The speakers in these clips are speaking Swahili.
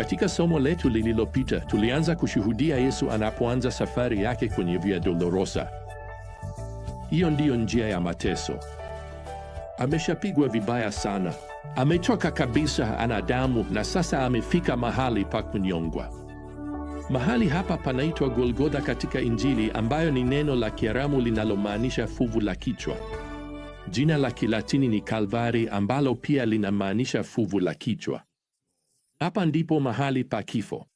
Katika somo letu lililopita tulianza kushuhudia Yesu anapoanza safari yake kwenye Via Dolorosa. Hiyo ndiyo njia ya mateso. Ameshapigwa vibaya sana, amechoka kabisa, ana damu, na sasa amefika mahali pa kunyongwa. Mahali hapa panaitwa Golgotha katika Injili, ambayo ni neno la Kiaramu linalomaanisha fuvu la kichwa. Jina la Kilatini ni Kalvari, ambalo pia linamaanisha fuvu la kichwa. Hapa ndipo mahali pa kifo.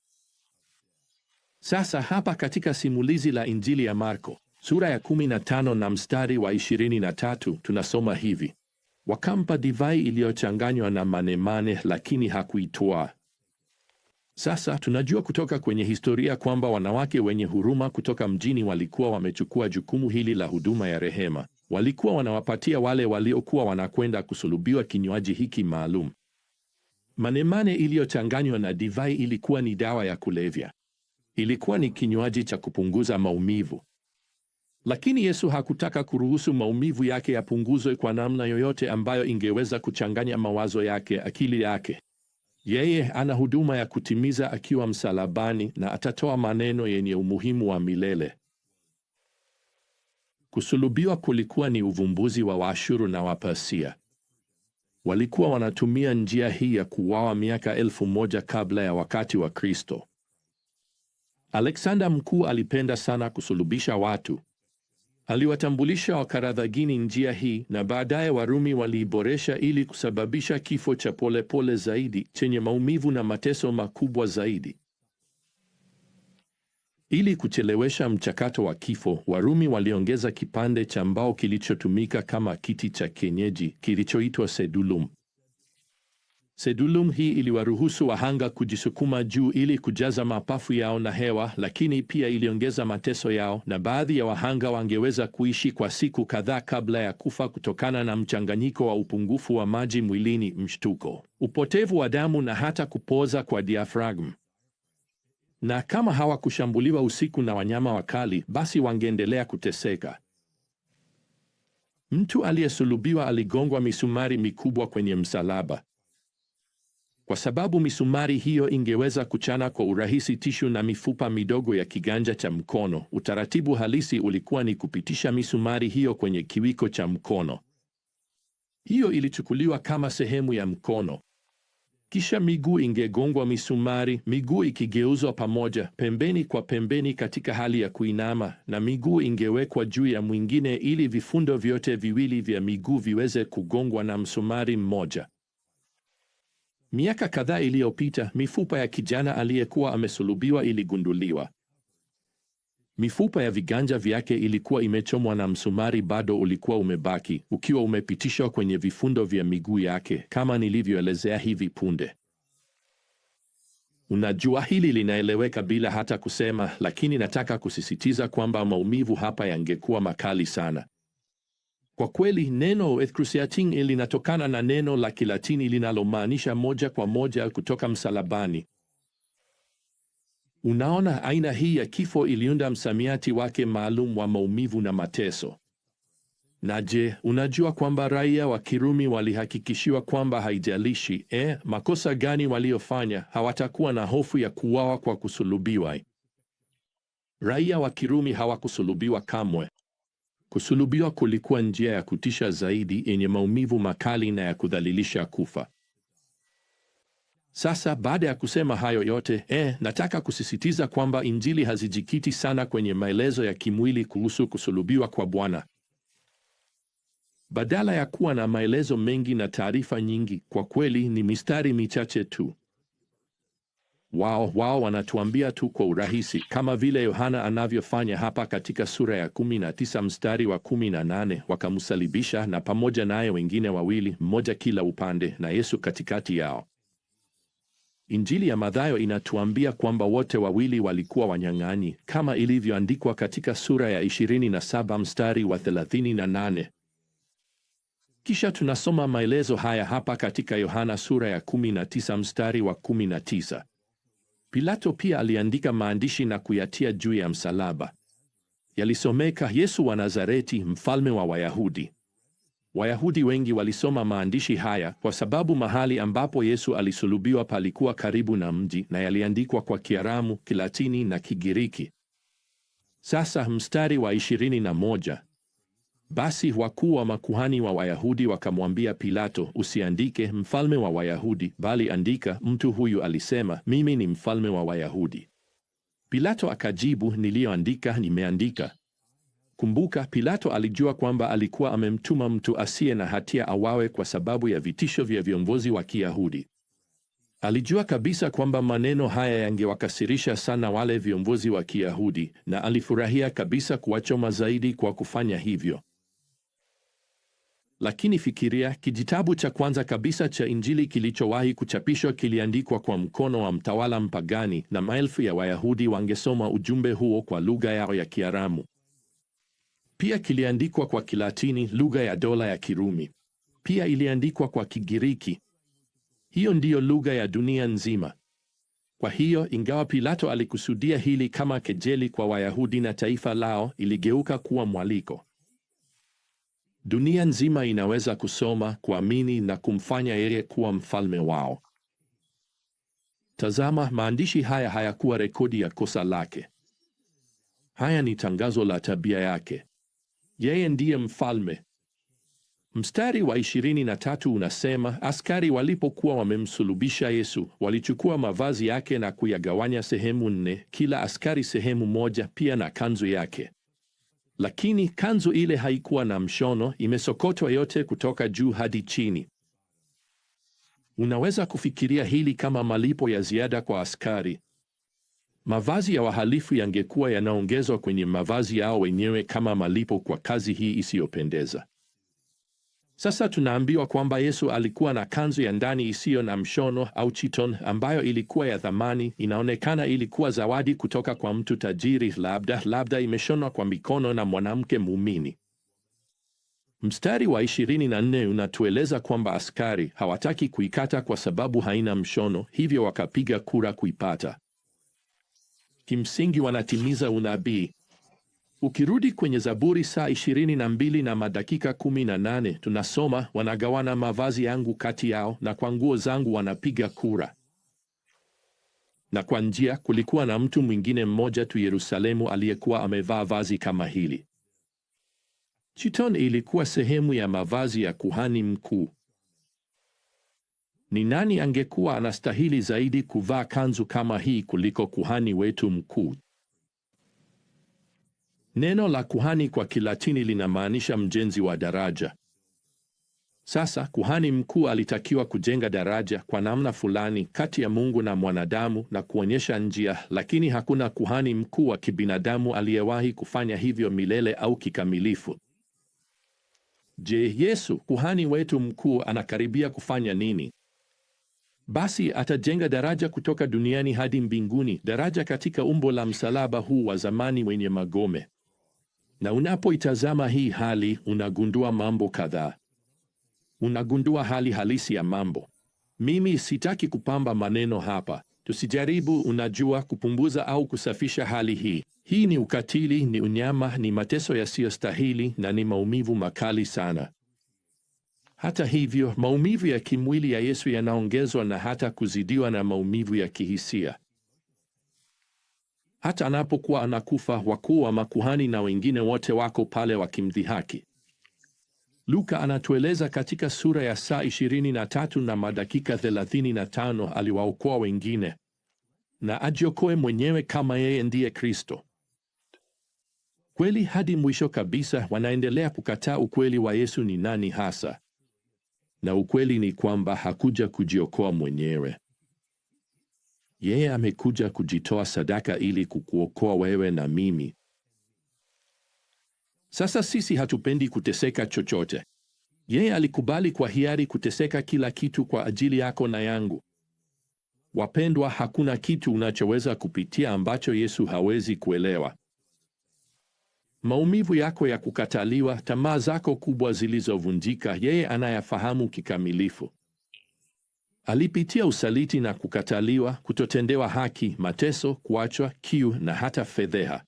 Sasa hapa katika simulizi la Injili ya Marko sura ya 15 na mstari wa 23 tunasoma hivi: wakampa divai iliyochanganywa na manemane, lakini hakuitoa. Sasa tunajua kutoka kwenye historia kwamba wanawake wenye huruma kutoka mjini walikuwa wamechukua jukumu hili la huduma ya rehema. Walikuwa wanawapatia wale waliokuwa wanakwenda kusulubiwa kinywaji hiki maalum Manemane iliyochanganywa na divai ilikuwa ni dawa ya kulevya. Ilikuwa ni kinywaji cha kupunguza maumivu. Lakini Yesu hakutaka kuruhusu maumivu yake yapunguzwe kwa namna yoyote ambayo ingeweza kuchanganya mawazo yake, akili yake. Yeye ana huduma ya kutimiza akiwa msalabani na atatoa maneno yenye umuhimu wa milele. Kusulubiwa kulikuwa ni uvumbuzi wa Waashuru na Wapasia. Walikuwa wanatumia njia hii ya kuuawa miaka elfu moja kabla ya wakati wa Kristo. Aleksanda Mkuu alipenda sana kusulubisha watu. Aliwatambulisha Wakaradhagini njia hii na baadaye Warumi waliiboresha ili kusababisha kifo cha polepole zaidi chenye maumivu na mateso makubwa zaidi. Ili kuchelewesha mchakato wa kifo, Warumi waliongeza kipande cha mbao kilichotumika kama kiti cha kienyeji kilichoitwa sedulum. Sedulum hii iliwaruhusu wahanga kujisukuma juu ili kujaza mapafu yao na hewa, lakini pia iliongeza mateso yao, na baadhi ya wahanga wangeweza kuishi kwa siku kadhaa kabla ya kufa kutokana na mchanganyiko wa upungufu wa maji mwilini, mshtuko, upotevu wa damu na hata kupoza kwa diafragmu na kama hawakushambuliwa usiku na wanyama wakali, basi wangeendelea kuteseka. Mtu aliyesulubiwa aligongwa misumari mikubwa kwenye msalaba. Kwa sababu misumari hiyo ingeweza kuchana kwa urahisi tishu na mifupa midogo ya kiganja cha mkono, utaratibu halisi ulikuwa ni kupitisha misumari hiyo kwenye kiwiko cha mkono. Hiyo ilichukuliwa kama sehemu ya mkono. Kisha miguu ingegongwa misumari, miguu ikigeuzwa pamoja pembeni kwa pembeni katika hali ya kuinama, na miguu ingewekwa juu ya mwingine ili vifundo vyote viwili vya miguu viweze kugongwa na msumari mmoja. Miaka kadhaa iliyopita, mifupa ya kijana aliyekuwa amesulubiwa iligunduliwa. Mifupa ya viganja vyake ilikuwa imechomwa na msumari bado ulikuwa umebaki ukiwa umepitishwa kwenye vifundo vya miguu yake kama nilivyoelezea hivi punde. Unajua, hili linaeleweka bila hata kusema, lakini nataka kusisitiza kwamba maumivu hapa yangekuwa makali sana. Kwa kweli neno excruciating linatokana na neno la Kilatini linalomaanisha moja kwa moja kutoka msalabani. Unaona, aina hii ya kifo iliunda msamiati wake maalum wa maumivu na mateso. Na je, unajua kwamba raia wa Kirumi walihakikishiwa kwamba haijalishi eh, makosa gani waliofanya, hawatakuwa na hofu ya kuuawa kwa kusulubiwa. Raia wa Kirumi hawakusulubiwa kamwe. Kusulubiwa kulikuwa njia ya kutisha zaidi yenye maumivu makali na ya kudhalilisha kufa. Sasa baada ya kusema hayo yote eh, nataka kusisitiza kwamba Injili hazijikiti sana kwenye maelezo ya kimwili kuhusu kusulubiwa kwa Bwana. Badala ya kuwa na maelezo mengi na taarifa nyingi, kwa kweli ni mistari michache tu. Wao wao wanatuambia tu kwa urahisi, kama vile Yohana anavyofanya hapa katika sura ya 19 mstari wa 18, wakamsalibisha na pamoja naye wengine wawili, mmoja kila upande na Yesu katikati yao. Injili ya Mathayo inatuambia kwamba wote wawili walikuwa wanyang'anyi, kama ilivyoandikwa katika sura ya 27 mstari wa 38. Kisha tunasoma maelezo haya hapa katika Yohana sura ya 19 mstari wa 19: Pilato pia aliandika maandishi na kuyatia juu ya msalaba. Yalisomeka, Yesu wa Nazareti, mfalme wa Wayahudi. Wayahudi wengi walisoma maandishi haya kwa sababu mahali ambapo Yesu alisulubiwa palikuwa karibu na mji na yaliandikwa kwa Kiaramu, Kilatini na Kigiriki. Sasa mstari wa 21, basi wakuu wa makuhani wa Wayahudi wakamwambia Pilato, usiandike mfalme wa Wayahudi, bali andika, mtu huyu alisema mimi ni mfalme wa Wayahudi. Pilato akajibu, niliyoandika nimeandika. Kumbuka, Pilato alijua kwamba alikuwa amemtuma mtu asiye na hatia awawe kwa sababu ya vitisho vya viongozi wa Kiyahudi. Alijua kabisa kwamba maneno haya yangewakasirisha sana wale viongozi wa Kiyahudi, na alifurahia kabisa kuwachoma zaidi kwa kufanya hivyo. Lakini fikiria, kijitabu cha kwanza kabisa cha Injili kilichowahi kuchapishwa kiliandikwa kwa mkono wa mtawala mpagani, na maelfu ya Wayahudi wangesoma ujumbe huo kwa lugha yao ya Kiaramu. Pia kiliandikwa kwa Kilatini, lugha ya dola ya Kirumi. Pia iliandikwa kwa Kigiriki. Hiyo ndiyo lugha ya dunia nzima. Kwa hiyo, ingawa Pilato alikusudia hili kama kejeli kwa Wayahudi na taifa lao, iligeuka kuwa mwaliko. Dunia nzima inaweza kusoma, kuamini na kumfanya yeye kuwa mfalme wao. Tazama, maandishi haya hayakuwa rekodi ya kosa lake. Haya ni tangazo la tabia yake. Yeye ndiye mfalme. Mstari wa ishirini na tatu unasema askari walipokuwa wamemsulubisha Yesu walichukua mavazi yake na kuyagawanya sehemu nne, kila askari sehemu moja, pia na kanzu yake. Lakini kanzu ile haikuwa na mshono, imesokotwa yote kutoka juu hadi chini. Unaweza kufikiria hili kama malipo ya ziada kwa askari. Mavazi ya wahalifu yangekuwa yanaongezwa kwenye mavazi yao wenyewe kama malipo kwa kazi hii isiyopendeza. Sasa tunaambiwa kwamba Yesu alikuwa na kanzu ya ndani isiyo na mshono au chiton ambayo ilikuwa ya thamani. Inaonekana ilikuwa zawadi kutoka kwa mtu tajiri, labda labda imeshonwa kwa mikono na mwanamke muumini. Mstari wa 24 unatueleza kwamba askari hawataki kuikata kwa sababu haina mshono, hivyo wakapiga kura kuipata kimsingi wanatimiza unabii. Ukirudi kwenye Zaburi saa ishirini na mbili na madakika kumi na nane tunasoma wanagawana mavazi yangu kati yao, na kwa nguo zangu wanapiga kura. Na kwa njia, kulikuwa na mtu mwingine mmoja tu Yerusalemu aliyekuwa amevaa vazi kama hili. Chiton ilikuwa sehemu ya mavazi ya kuhani mkuu. Ni nani angekuwa anastahili zaidi kuvaa kanzu kama hii kuliko kuhani wetu mkuu? Neno la kuhani kwa Kilatini linamaanisha mjenzi wa daraja. Sasa kuhani mkuu alitakiwa kujenga daraja kwa namna fulani kati ya Mungu na mwanadamu na kuonyesha njia, lakini hakuna kuhani mkuu wa kibinadamu aliyewahi kufanya hivyo milele au kikamilifu. Je, Yesu kuhani wetu mkuu anakaribia kufanya nini? Basi atajenga daraja kutoka duniani hadi mbinguni, daraja katika umbo la msalaba huu wa zamani wenye magome. Na unapoitazama hii hali, unagundua mambo kadhaa. Unagundua hali halisi ya mambo. Mimi sitaki kupamba maneno hapa. Tusijaribu, unajua, kupunguza au kusafisha hali hii. Hii ni ukatili, ni unyama, ni mateso yasiyostahili na ni maumivu makali sana. Hata hivyo, maumivu ya kimwili ya Yesu yanaongezwa na hata kuzidiwa na maumivu ya kihisia. Hata anapokuwa anakufa, wakuu wa makuhani na wengine wote wako pale wakimdhihaki. Luka anatueleza katika sura ya saa 23 na madakika 35, aliwaokoa wengine na ajiokoe mwenyewe kama yeye ndiye Kristo. Kweli hadi mwisho kabisa wanaendelea kukataa ukweli wa Yesu ni nani hasa na ukweli ni kwamba hakuja kujiokoa mwenyewe. Yeye amekuja kujitoa sadaka ili kukuokoa wewe na mimi. Sasa sisi hatupendi kuteseka chochote. Yeye alikubali kwa hiari kuteseka kila kitu kwa ajili yako na yangu. Wapendwa, hakuna kitu unachoweza kupitia ambacho Yesu hawezi kuelewa maumivu yako ya kukataliwa, tamaa zako kubwa zilizovunjika, yeye anayafahamu kikamilifu. Alipitia usaliti na kukataliwa, kutotendewa haki, mateso, kuachwa, kiu na hata fedheha.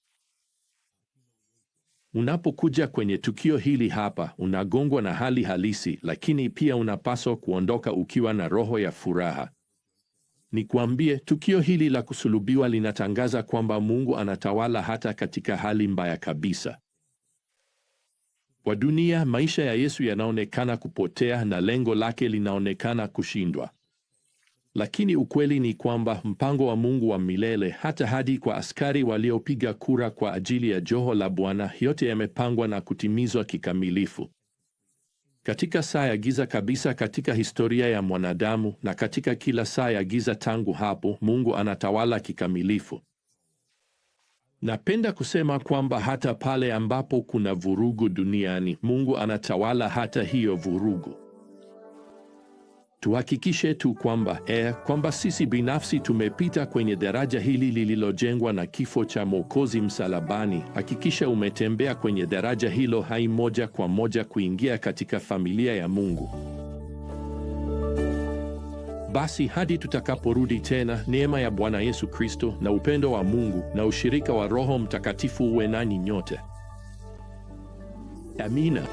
Unapokuja kwenye tukio hili hapa, unagongwa na hali halisi, lakini pia unapaswa kuondoka ukiwa na roho ya furaha. Nikwambie, tukio hili la kusulubiwa linatangaza kwamba Mungu anatawala hata katika hali mbaya kabisa. Kwa dunia, maisha ya Yesu yanaonekana kupotea na lengo lake linaonekana kushindwa. Lakini ukweli ni kwamba mpango wa Mungu wa milele, hata hadi kwa askari waliopiga kura kwa ajili ya joho la Bwana, yote yamepangwa na kutimizwa kikamilifu. Katika saa ya giza kabisa katika historia ya mwanadamu na katika kila saa ya giza tangu hapo, Mungu anatawala kikamilifu. Napenda kusema kwamba hata pale ambapo kuna vurugu duniani, Mungu anatawala hata hiyo vurugu. Tuhakikishe tu kwamba e, kwamba sisi binafsi tumepita kwenye daraja hili lililojengwa na kifo cha Mwokozi msalabani. Hakikisha umetembea kwenye daraja hilo hai moja kwa moja kuingia katika familia ya Mungu. Basi hadi tutakaporudi tena, neema ya Bwana Yesu Kristo na upendo wa Mungu na ushirika wa Roho Mtakatifu uwe nani nyote. Amina.